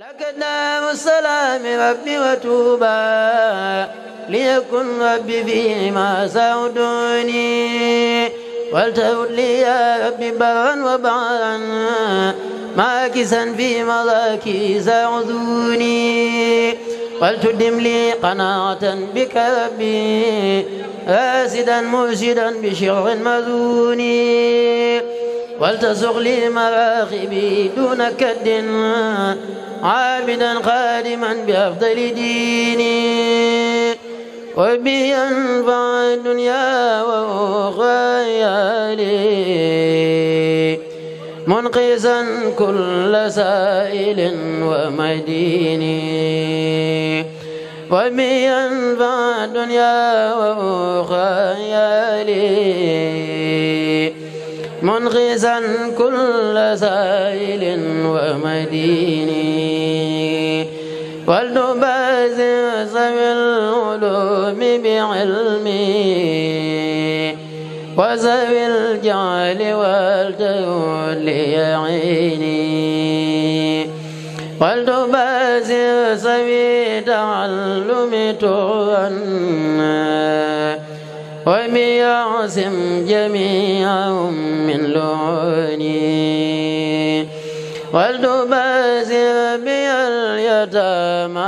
لك دام السلام ربي وتوبا ليكن ربي فيما سعدوني والتفت لي يا ربي برا وبعرا ماكسا في مراكيس عذوني ولتدم لي قناعة بك ربي راسدا مرشدا بشر مذوني ولتزغ لي مراغبي دون كد عابدا خادما بأفضل ديني وبي أنفع الدنيا وأخرى لي منقذا كل سائل ومديني وبي أنفع الدنيا وأخرى لي منغزا كل سائل ومديني ولنبازغ ذوي العلوم بعلمي وذوي الجعل والجول عيني ولنبازغ ذوي تعلم تغنى واعتصم جميعهم من لعوني ولتبازر بي اليتامى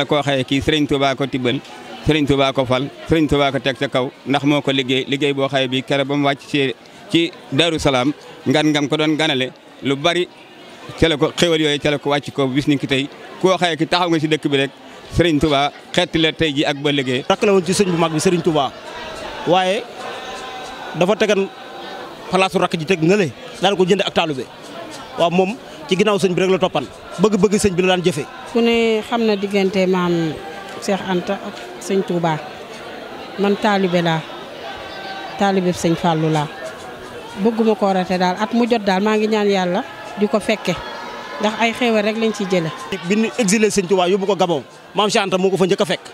la koo xaye kii sëriñ Touba ko tibbal Serigne Touba ko fal Serigne Touba ko teg ca kaw ndax moo ko liggéey liggéey boo xaye bi kere ba mu wàcc ci ci Daaru Salaam ngan ngam ko doon ganale lu bari ca ko xéwal yooyu ca ko wàcc ko bis ni ki tey koo xaye ki taxaw nga ci dëkk bi rek sëriñ Touba xeeti la tey ji ak ba liggéey. rakk la woon ci sëñ bu mag bi sëriñ Touba waaye dafa tegan palaasu rakk ji teg nële daal ko jënd ak taalube waaw moom ci ginnaaw sëñ bi rek la toppan bëgg-bëgg sëñ bi la daan jëfee. ku ne xam na diggante maam Cheikh Anta ak sëñ Touba man taalube laa taalube sëñ Fallou laa bëgguma ko daal at mu jot daal maa ngi ñaan yàlla di ko fekke ndax ay xéewal rek lañ ci jëlee. bi ñu exilé sëñ Touba yóbbu ko Gabon. maam Cheikh Anta moo fa njëkk fekk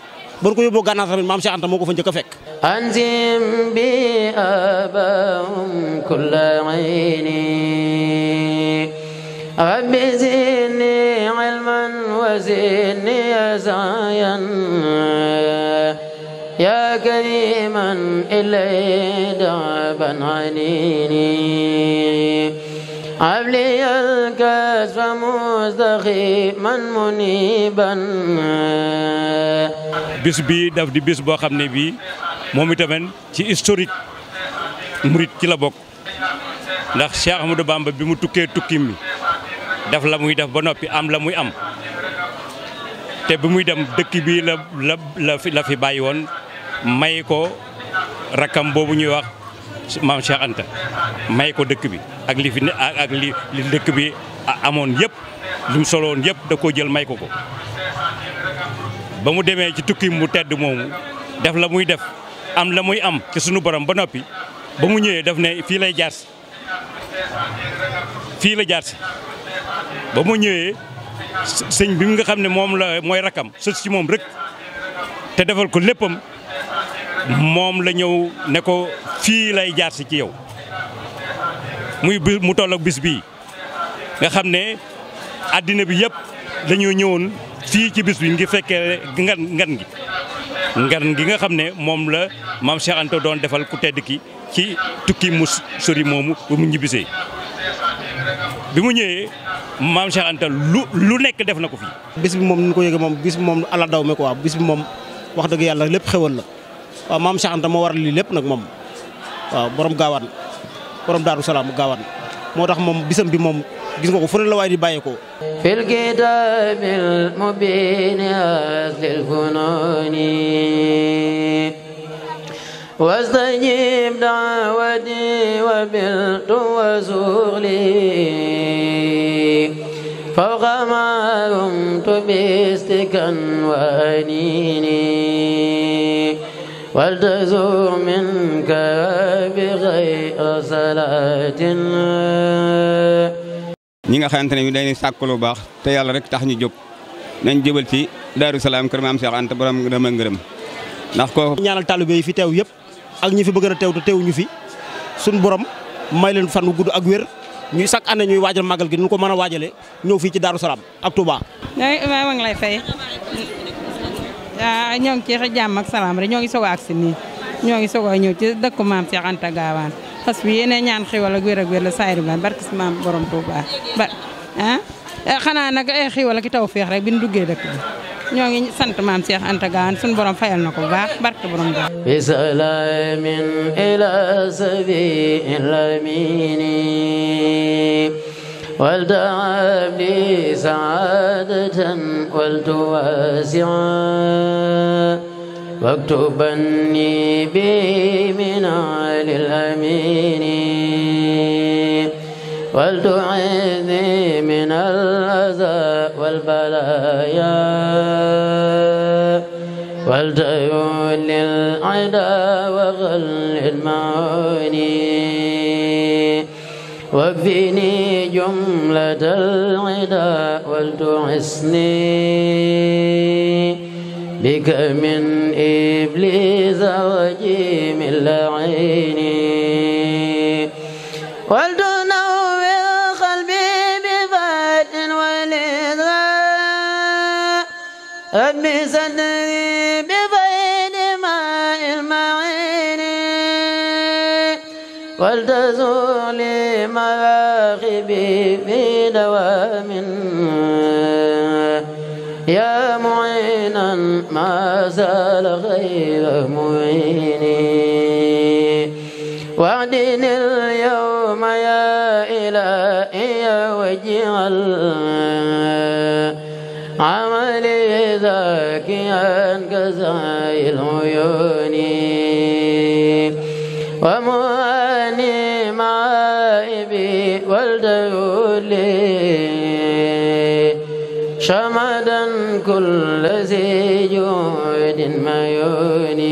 bon ko yóbboo gànnaar tamit maam Cheikh Anta fa njëkk fekk anzim bi abahum kulla ayni rabbi zidni ilman wa zidni azayan ya kariman ilay daaban anini أبلي الكاس مستقيما منيبا bis bii daf di bis boo xam ne bii moom itamit ci historique murit ci la bokk ndax Cheikh Ahmadou Bamba bi mu tukkee tukki bi daf la muy def ba noppi am la muy am te bi muy dem dëkk bii la la la fi bàyyi woon may ko rakkam boobu ñuy wax maam si Anta may ko dëkk bi ak li fi ne ak li li dëkk bi amoon yëpp li mu soloon yëpp da koo jël may ko ko. ba mu demee ci tukki mu tedd moomu def la muy def am la muy am ci sunu borom ba noppi ba mu ñëwee def na fii lay jaar fii la jaar ba mu ñëwee sëñ bi nga xam ne moom la mooy rakam sës ci moom rek te defal ko léppam moom la ñëw ne ko fii lay jaar si ci yow muy bi mu toll bis bii nga xam ne àddina bi yëpp dañoo ñëwoon fii ci bis bi ngi fekkee ngan ngan gi nga xam ne moom la maam Cheikh doon defal ku tedd ki ci tukki mu sori moomu ba mu ñibbisee bi mu ñëwee maam Cheikh lu lu nekk def na ko fii. bis bi moom nu ko yëgee moom bis bi moom ala daw mi quoi bis bi moom wax dëgg yàlla lépp xewal la waaw maam Cheikh Anta moo waral lii lépp nag moom. waaw borom gaawaan borom daaru gaawaan moo tax moom bisam bi moom gis nga ko fu ne la di bàyyi ko fil kitaabil mubiin aslil funuuni wastajib daawati wa biltu wa suxli fawqa ma umtu bi istikan wa anini ولتزور منك بغير صلاة ñi nga xamante ne bi dañuy sàkk lu baax te yàlla rek tax ñu jóg nañ jëbal ci Daaru Salaam kër Maam Cheikh Anta borom ngërëm ngërëm ndax ko ñaanal taalibe fi teew yëpp ak ñi fi bëgg a teew te teewuñu fi suñ borom may leen fan wu gudd ak wér ñuy chaque année ñuy waajal màggal gi ñu ko mën a waajale ñëw fii ci Daaru Salaam ak Touba. maa ngi lay Ah, ñoo ngi ci jàmm ak salaam rek ñoo ngi soog a nii ñoo ngi soog ñëw ci dëkku maam Cheikh Anta Gaawaan fas bi yéene ñaan xéwal ak wér ak wér la saayir bi barke maam borom Tuuba ba ah eh, eh, rek bi ñu duggee ñoo ngi sant maam Cheikh Anta borom fayal na ko bu baax barke borom ba bisalaamin ila sabi lamini والدعا لي سعادة والتواسعا واكتبني بي من علي الأمين والتعذني من الأذى والبلايا والتيول للعدا وغل المعوني واكفني جملة العدا ولتحسني بك من إبليس وجيم العين ولتزول مواخبي في دوام يا معينا ما زال غير معيني واعدن اليوم يا إلهي واجعل عملي ذاكيا كزاي العيون ومعيني والدولي شمدا كل ذي جود ميوني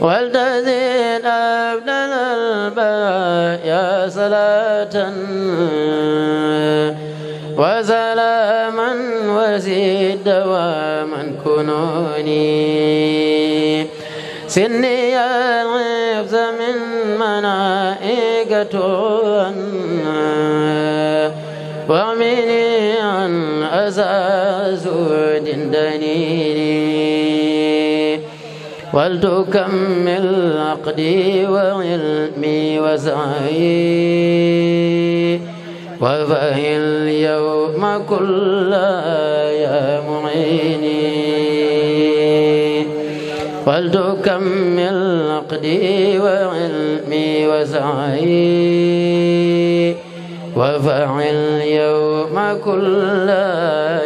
والتزد أبدل الباء يا صلاة وسلاما وزيد دواما كنوني سني يا الخبز من منائق ومني عن أزاز دنيني ولتكمل عقدي وعلمي وسعي وفهي اليوم كل يا معيني ولتكمل عقدي وعلمي وسعي وفعل يوم كل